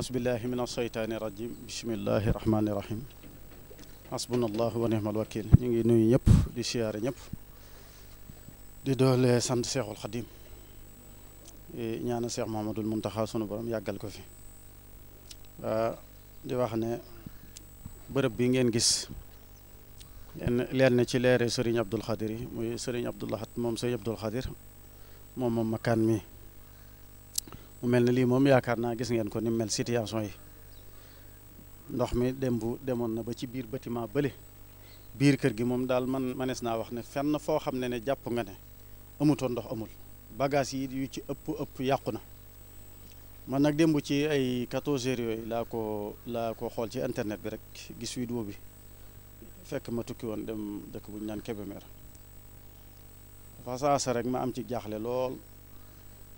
ausbillahi min asheytaani irajim bismillahi rahmaani rahim hasbunallahu wa nihmal ñu ngi nuyu ñëpp di siyaare ñëpp di doole sant seexul xadim ñaana seex mahamadul muntaxa sunu borom yàggal ko fi ah, di wax ne bërëb bi ngeen gis leen lenn ci leere sëriñ abdul xadir yi muy sëriñ abdul sëriñ abdul xadir moom moom makaan mi mu mel ne lii moom yaakaar naa gis ngeen ko ni mel situation yi ndox mi dem bu demoon na ba ci biir batiment bële biir kër gi moom daal man manees naa wax ne fenn foo xam ne ne jàpp nga ne amutoon ndox amul bagage yi yu ci ëpp ëpp yàqu na man nag démb ci ay 14 heures yooyu laa ko laa ko xool ci internet bi rek gis vidéo bi fekk ma tukki woon dem dëkk bu ñu naan Kébémer fa saasa rek ma am ci jaaxle lool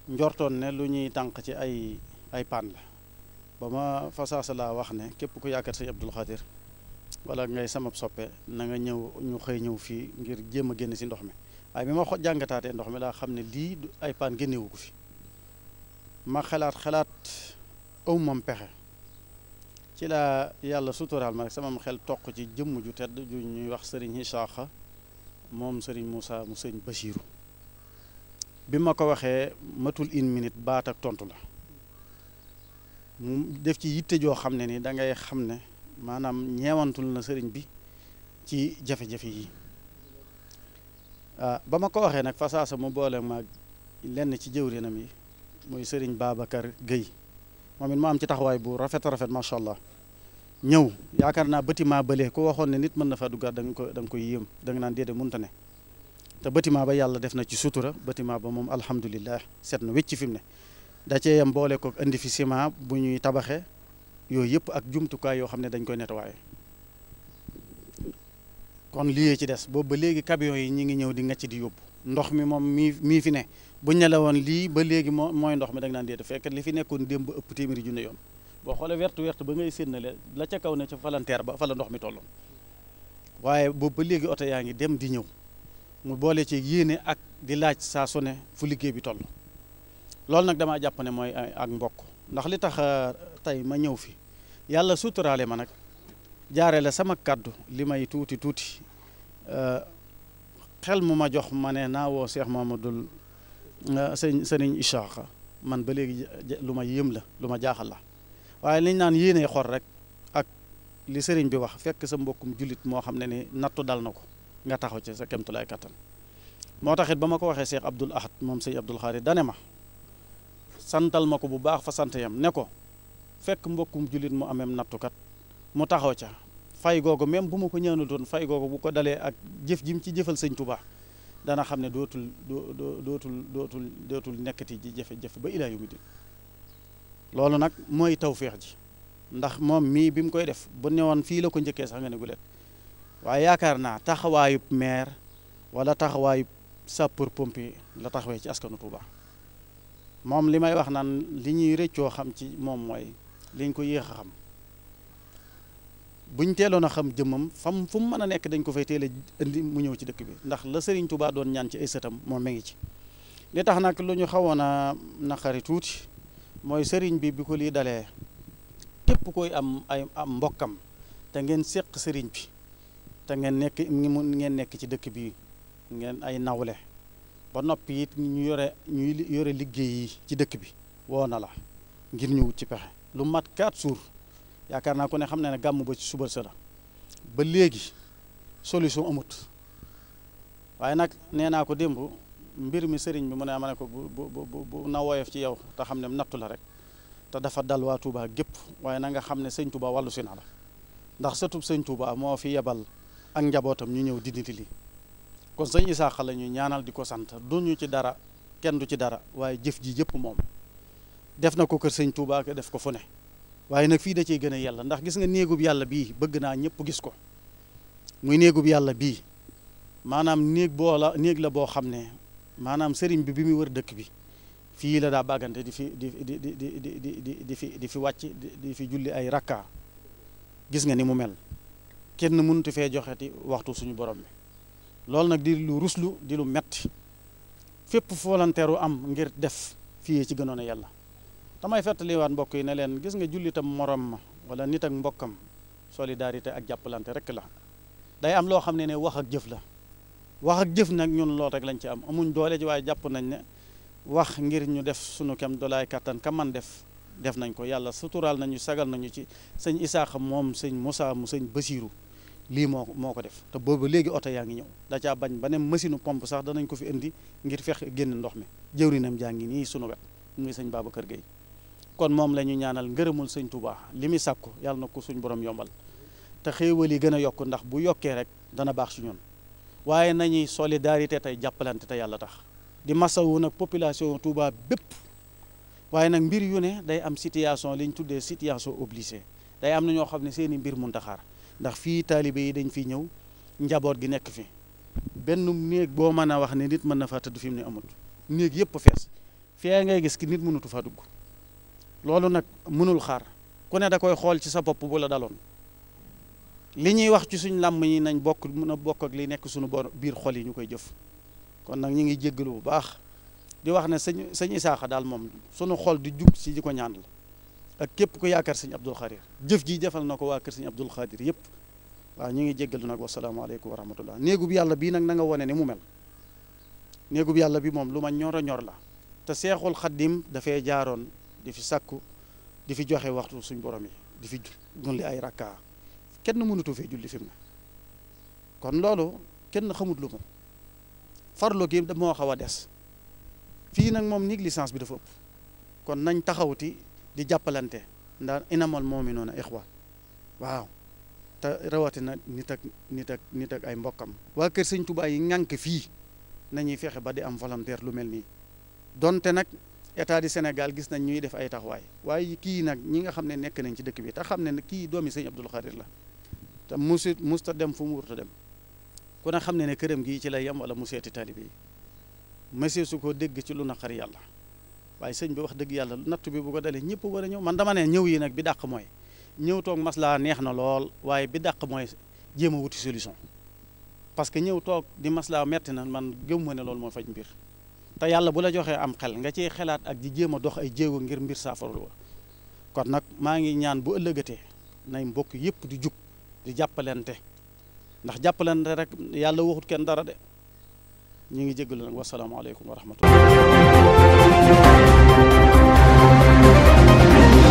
njortoon ne lu ñuy tànq ci ay ay paan la ba ma fasaasa laa wax ne képp ku yaakaar sëñ Abdul Xaadir wala ngay sama soppe na nga ñëw ñu xëy ñëw fii ngir jéem a génn si ndox mi waaye bi ma jàngataatee ndox mi laa xam ne lii ay paan génnewu ko fi ma xalaat xalaat awmam pexe ci laa yàlla suturaal ma rek sama xel toq ci jëmm ju tedd ju ñuy wax sëriñ Isaaxa moom sëriñ Moussa mu sëriñ Basiiru bi ma ko waxee matul une minute baat ak tontu la mu def ci yitte joo xam ne ni da ngay xam ne maanaam ñeewantul na sëriñ bi ci jafe-jafe yi ah ba ma ko waxee nag sa mu boole ma lenn ci jëwrinam yi muy sëriñ Babacar Guèye moom it ma am ci taxawaay bu rafet rafet macha allah ñëw yaakaar naa bâtiment bële ku waxoon ne nit mën na fa duggaat da nga ko da ko koy yéem da nga naan déedéet munta ne. te bâtiment ba yàlla def na ci sutura bâtiment ba moom alhamdulilah set na wécc fi mu ne da cee yam boole ko indi fi ciment bu ñuy tabaxee yooyu yëpp ak jumtukaay yoo xam ne dañ koy nettoyé kon lii ci des boobu ba léegi camion yi ñi ngi ñëw di ngacc di yóbbu ndox mi moom mii mii fi ne bu ñele woon lii ba léegi moo mooy ndox mi da nga dee déet fekk li fi nekkoon démb ba ëpp téeméeri junne yoon boo xoolee wertu wertu ba ngay sénnale la ca kaw ne ca falanteer ba fa la ndox mi tolloon waaye boobu ba léegi oto yaa ngi dem di ñëw mu boole ci yéene ak di laaj saa su ne fu liggéey bi toll loolu nag damaa jàpp ne mooy eh, ak mbokk ndax li tax eh, tey ma ñëw fi yàlla suturaale ma nag jaare la sama kàddu li may tuuti tuuti eh, xel mu ma jox ma ne naawoo seex ma Cheikh Mamadou sëñ sëriñ Ishaqa man ba léegi lu ma yëm la lu ma jaaxal la waaye liñ naan yéenee xor rek ak li sëriñ bi wax fekk sa mbokkum jullit moo xam ne ni nattu dal na ko nga taxaw ci sa kemtulaay kattan moo taxit ba ma ko waxee Cheikh Abdoul Ahad moom sëñ Abdoul Xaadir dane ma santal ma ko bu baax fa sante yam ne ko fekk mbokkum jullit mu ameem nattukat mu taxaw ca fay googu même bu ma ko ñaanul doon fay googu bu ko dalee ak jëf jim ci jëfal sëñ Tuubaa dana xam ne dootul dootul dootul dootul nekkati ji jafe-jafe ba ilaa yawmi loolu nag mooy taw feex ji ndax moom mii bi mu koy def bu newoon fii la ko njëkkee sax nga ne guleet waaye yaakaar naa taxawaayu maire walla taxawaayu sapeur pompier la taxawee ci askanu Touba moom li may wax naan li ñuy rëccoo xam ci moom mooy liñ ko yéex a xam buñ teeloon a xam jëmmam fam fu mu mën a nekk dañ ko fay teel a mu ñëw ci dëkk bi ndax la Serigne Touba doon ñaan ci ay sëtam moom mi ngi ci. li tax nag lu ñu xawoon a naqari tuuti mooy sëriñ bi bi ko lii dalee képp koy am ay am mbokkam te ngeen séq sëriñ bi. te ngeen nekk ngeen nekk ci dëkk bi ngeen ay nawle ba noppi it ñu yore ñu yore liggéey ci dëkk bi woo na la ngir ñu wut ci pexe lu mat quatre jours yaakaar naa ko ne xam na ne gàmm ba ci suba sa la ba léegi solution amut waaye nag nee naa ko démb mbir mi sëriñ bi mu ne ma ne ko bu bu bu bu ci yow te xam ne nattu la rek te dafa dal waa Touba gépp waaye na nga xam ne sëñ Touba wàllu si na la ndax sëtub sëñ Touba moo fi yebal. ak njabootam ñu ñëw dinditi li kon sëñ Isaaxa la ñuy ñaanal di ko sant duñu ci dara kenn du ci dara waaye jëf ji jépp moom def na ko kër sëñ Touba def ko fu ne waaye nag fii da ciy gën a yàlla ndax gis nga néegub yàlla bii bëgg naa ñëpp gis ko muy néegub yàlla bii maanaam néeg boola néeg la boo xam ne maanaam sëriñ bi bi muy wër dëkk bi fii la daa bàggante di fi di di di di di di fi di fi wàcc di fi julli ay rakka gis nga ni mu mel kenn mënut fee joxeti waxtu suñu borom bi loolu nag di lu rus lu di lu metti fépp volontaire am ngir def fii ci gënoon a yàlla damay fàttaliwaat mbokk yi ne leen gis nga jullitam moroom ma wala nit ak mbokkam solidarité ak jàppalante rek la day am loo xam ne ne wax ak jëf la wax ak jëf nag ñun lool rek lañ ci am amuñ doole ji waaye jàpp nañ ne wax ngir ñu def sunu kem dolaay kàttan ka man def def nañ ko yàlla suturaal nañu sagal nañu ci sëñ Isaaxa moom sëñ Moussa mu sëñ Basiiru lii moo moo ko def te boobu léegi oto yaa ngi ñëw da caa bañ ba ne machine pompe sax danañ ko fi indi ngir fex génn ndox mi jëwrinam jaa ngi nii sunu wet muy sëñ Babacar Gueye kon moom la ñu ñaanal ngërëmul sëñ Touba li muy ko yàlla na ko suñ borom yombal te xéewal yi gën a yokk ndax bu yokkee rek dana baax si ñun waaye nañuy solidarité tey jàppalante te yàlla tax di masawu nag population Touba bépp waaye nag mbir yu ne day am situation liñ tuddee situation obligée day am na ñoo xam ne seeni mbir mun taxaar ndax fii taalibe yi dañ fi ñëw njaboot gi nekk fi benn néeg boo mën a wax ne nit mën na faa fi mu ne amut néeg yëpp fees fee ngay gis ki nit mënatu faa dugg loolu nag mënul xaar ku ne da koy xool ci sa bopp bu la daloon li ñuy wax ci suñ làmm yi nañ bokk mun a bokk li nekk sunu suñu biir xol yi ñu koy jëf kon nag ñu ngi jéggalu bu baax di wax ne sëñ sëñ Isaaxa daal moom sunu xol di jug si di ko ñaan la ak képp ku yaakaar sëñ Abdul Xadir jëf ji defal na ko waa kër sëñ Abdul Xadir yëpp waaw ñu ngi jéggalu nag wasalaamaaleykum wa rahmatullah néegub yàlla bii nag na nga wone ne mu mel yàlla bi moom lu ma ñor a ñor la te seexul xaddim dafay jaaroon di fi sakku di fi joxe waxtu suñ borom yi di fi julli ay rakka kenn mënutu fee julli fi mu ne kon loolu kenn xamut lu mu farlu gi moo xaw a des fii nag moom nii licence bi dafa ëpp kon nañ taxawti di jàppalante ndax inamal moomi noonu ixwa waaw te rawatina nit ak nit ak nit ak ay mbokkam waa kër sëñ Tuubaa yi ŋànk fii nañuy fexe ba di am volontaire lu mel nii donte nag état du Sénégal gis nañ ñuy def ay taxawaay waaye kii nag ñi nga xam ne nekk nañ ci dëkk bi te xam ne kii doomi sëñ Abdul Xaadir la te musu musta dem fu mu wurta dem ku ne xam ne ne këram gii ci lay yam wala museeti seeti taalibe masee su koo dégg ci lu naqari yàlla waaye sëñ bi wax dëgg yàlla natt bi bu ko dalee ñëpp war a ñëw man dama ne ñëw yi nag bi dàq mooy ñëw toog maslaa neex na lool waaye bi dàq mooy jéem a wuti solution parce que ñëw toog di maslaa metti na man gëm ma ne loolu mooy faj mbir te yàlla bu la joxee am xel nga ciy xelaat ak di jéem a dox ay jéego ngir mbir saafara wa kon nag maa ngi ñaan bu ëllëgatee nay mbokk yëpp di jug di jàppalante ndax jàppalante rek yàlla waxut kenn dara de ñu ngi jégalu nag wasalaamaaleykum wa rahmatullah